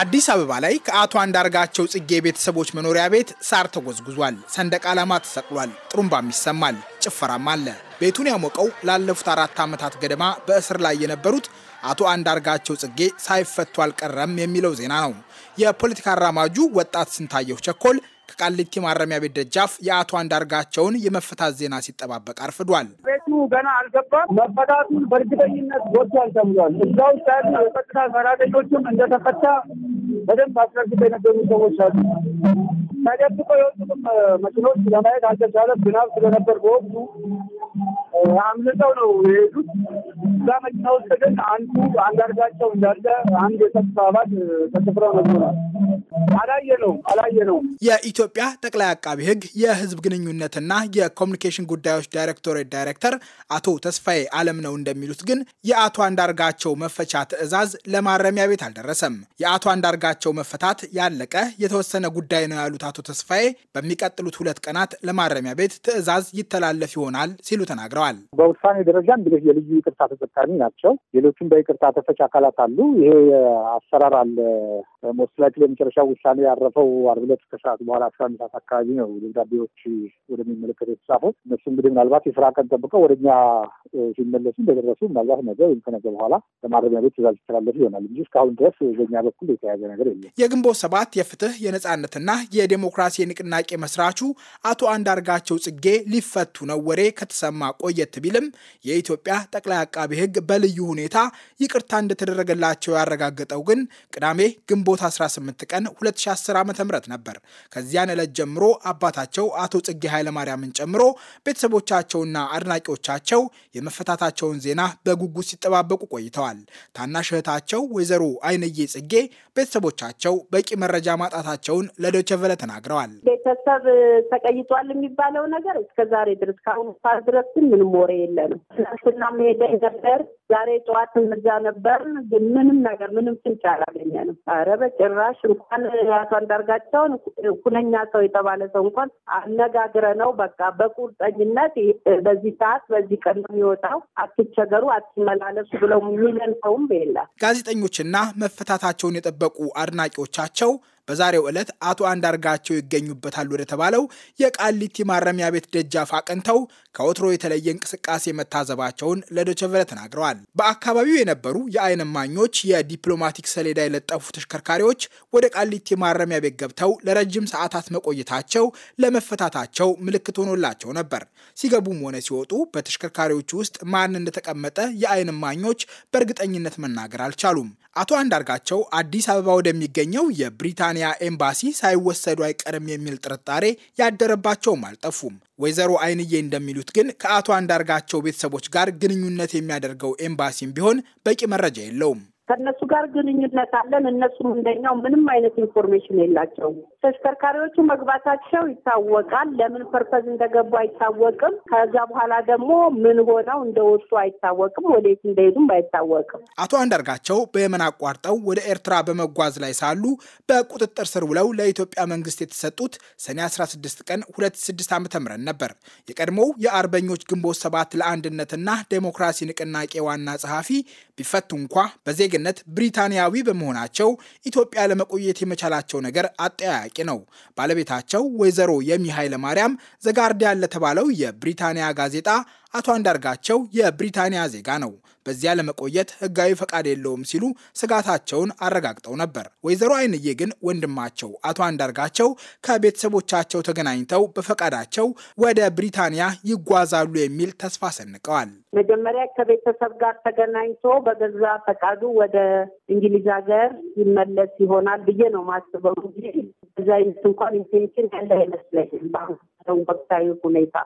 አዲስ አበባ ላይ ከአቶ አንዳርጋቸው ጽጌ ቤተሰቦች መኖሪያ ቤት ሳር ተጎዝጉዟል። ሰንደቅ ዓላማ ተሰቅሏል። ጥሩምባም ይሰማል። ጭፈራም አለ። ቤቱን ያሞቀው ላለፉት አራት ዓመታት ገደማ በእስር ላይ የነበሩት አቶ አንዳርጋቸው ጽጌ ሳይፈቱ አልቀረም የሚለው ዜና ነው። የፖለቲካ አራማጁ ወጣት ስንታየሁ ቸኮል ከቃሊቲ ማረሚያ ቤት ደጃፍ የአቶ አንዳርጋቸውን የመፈታት ዜና ሲጠባበቅ አርፍዷል። ቤቱ ገና አልገባም። መፈታቱን በእርግጠኝነት ወጥቷል ተብሏል። እዛ ውስጥ ያሉ የጸጥታ ሰራተኞችም እንደተፈታ በደንብ ባስረግጠ የነበሩ ሰዎች አሉ። ታዲያ እኮ የወጡትም መኪኖች ለማየት አልተቻለም። ዝናብ ስለነበር በወቅቱ አምልጠው ነው የሄዱት። እዛ መኪና ውስጥ ግን አንዱ አንዳርጋቸው እንዳለ አንድ የሰብስ አባል ተስፍረው ነበራል። አላየ ነው። የኢትዮጵያ ጠቅላይ አቃቢ ሕግ የህዝብ ግንኙነትና የኮሚኒኬሽን ጉዳዮች ዳይሬክቶሬት ዳይሬክተር አቶ ተስፋዬ አለም ነው እንደሚሉት ግን የአቶ አንዳርጋቸው መፈቻ ትዕዛዝ ለማረሚያ ቤት አልደረሰም። የአቶ አንዳርጋቸው መፈታት ያለቀ የተወሰነ ጉዳይ ነው ያሉት አቶ ተስፋዬ በሚቀጥሉት ሁለት ቀናት ለማረሚያ ቤት ትዕዛዝ ይተላለፍ ይሆናል ሲሉ ተናግረዋል። በውሳኔ ደረጃ እንግዲህ የልዩ ይቅርታ ተጠቃሚ ናቸው። ሌሎቹም በይቅርታ ተፈች አካላት አሉ። ይሄ አሰራር አለ። ሞስት ላይክሊ የመጨረሻ ውሳኔ ያረፈው ዓርብ ዕለት ከሰዓት በኋላ አስራ አንድ ሰዓት አካባቢ ነው ደብዳቤዎች ወደሚመለከት የተጻፉት። እነሱ እንግዲህ ምናልባት የስራ ቀን ጠብቀው ወደኛ ሲመለሱ እንደደረሱ ምናልባት ነገ ወይም ከነገ በኋላ ለማረሚያ ቤት ትእዛዝ ይተላለፉ ይሆናል እንጂ እስካሁን ድረስ በኛ በኩል የተያዘ ነገር የለም። የግንቦት ሰባት የፍትህ የነጻነትና የዴሞክራሲ ንቅናቄ መስራቹ አቶ አንዳርጋቸው ጽጌ ሊፈቱ ነው ወሬ ከተሰማ ቆየት ቆየት ቢልም የኢትዮጵያ ጠቅላይ አቃቢ ሕግ በልዩ ሁኔታ ይቅርታ እንደተደረገላቸው ያረጋገጠው ግን ቅዳሜ ግንቦት 18 ቀን 2010 ዓ.ም ነበር። ከዚያን ዕለት ጀምሮ አባታቸው አቶ ጽጌ ኃይለማርያምን ጨምሮ ቤተሰቦቻቸውና አድናቂዎቻቸው የመፈታታቸውን ዜና በጉጉት ሲጠባበቁ ቆይተዋል። ታናሽ እህታቸው ወይዘሮ አይንዬ ጽጌ ቤተሰቦቻቸው በቂ መረጃ ማጣታቸውን ለዶቸቨለ ተናግረዋል። ቤተሰብ ተቀይጧል የሚባለው ነገር እስከዛሬ ድረስ ከአሁኑ ድረስ ምንም ወሬ የለንም። ትናንትና ሄደን ነበር ዛሬ ጠዋት እዛ ነበርን፣ ግን ምንም ነገር ምንም ፍንጭ አላገኘንም። ኧረ በጭራሽ እንኳን አቶ አንዳርጋቸውን ሁነኛ ሰው የተባለ ሰው እንኳን አነጋግረ ነው በቃ በቁርጠኝነት በዚህ ሰዓት በዚህ ቀን ነው የሚወጣው፣ አትቸገሩ፣ አትመላለሱ ብለው የሚለን ሰውም የለም። ጋዜጠኞችና መፈታታቸውን የጠበቁ አድናቂዎቻቸው በዛሬው ዕለት አቶ አንዳርጋቸው ይገኙበታል ወደ ተባለው የቃሊቲ ማረሚያ ቤት ደጃፍ አቅንተው ከወትሮ የተለየ እንቅስቃሴ መታዘባቸውን ለዶቸቨለ ተናግረዋል። በአካባቢው የነበሩ የዓይን ማኞች የዲፕሎማቲክ ሰሌዳ የለጠፉ ተሽከርካሪዎች ወደ ቃሊቲ ማረሚያ ቤት ገብተው ለረጅም ሰዓታት መቆየታቸው ለመፈታታቸው ምልክት ሆኖላቸው ነበር። ሲገቡም ሆነ ሲወጡ በተሽከርካሪዎቹ ውስጥ ማን እንደተቀመጠ የአይን ማኞች በእርግጠኝነት መናገር አልቻሉም። አቶ አንዳርጋቸው አዲስ አበባ ወደሚገኘው የብሪታንያ ኤምባሲ ሳይወሰዱ አይቀርም የሚል ጥርጣሬ ያደረባቸውም አልጠፉም። ወይዘሮ አይንዬ እንደሚሉት ግን ከአቶ አንዳርጋቸው ቤተሰቦች ጋር ግንኙነት የሚያደርገው ኤምባሲም ቢሆን በቂ መረጃ የለውም። ከእነሱ ጋር ግንኙነት አለን። እነሱም እንደኛው ምንም አይነት ኢንፎርሜሽን የላቸውም። ተሽከርካሪዎቹ መግባታቸው ይታወቃል። ለምን ፐርፐዝ እንደገቡ አይታወቅም። ከዛ በኋላ ደግሞ ምን ሆነው እንደወጡ አይታወቅም። ወዴት እንደሄዱም አይታወቅም። አቶ አንዳርጋቸው በየመን አቋርጠው ወደ ኤርትራ በመጓዝ ላይ ሳሉ በቁጥጥር ስር ውለው ለኢትዮጵያ መንግስት የተሰጡት ሰኔ 16 ቀን 26 ዓ ም ነበር። የቀድሞው የአርበኞች ግንቦት ሰባት ለአንድነትና ዴሞክራሲ ንቅናቄ ዋና ጸሐፊ ቢፈቱ እንኳ በዜ ዜግነት ብሪታንያዊ በመሆናቸው ኢትዮጵያ ለመቆየት የመቻላቸው ነገር አጠያያቂ ነው። ባለቤታቸው ወይዘሮ የሚ ማርያም ዘጋርዲያን ለተባለው የብሪታንያ ጋዜጣ አቶ አንዳርጋቸው የብሪታንያ ዜጋ ነው፣ በዚያ ለመቆየት ሕጋዊ ፈቃድ የለውም ሲሉ ስጋታቸውን አረጋግጠው ነበር። ወይዘሮ አይንዬ ግን ወንድማቸው አቶ አንዳርጋቸው ከቤተሰቦቻቸው ተገናኝተው በፈቃዳቸው ወደ ብሪታንያ ይጓዛሉ የሚል ተስፋ ሰንቀዋል። መጀመሪያ ከቤተሰብ ጋር ተገናኝቶ በገዛ ፈቃዱ ወደ እንግሊዝ ሀገር ይመለስ ይሆናል ብዬ ነው ማስበው እንጂ አይነት እንኳን ኢንቴንሽን ያለ አይመስለኝም በአሁኑ ወቅታዊ ሁኔታ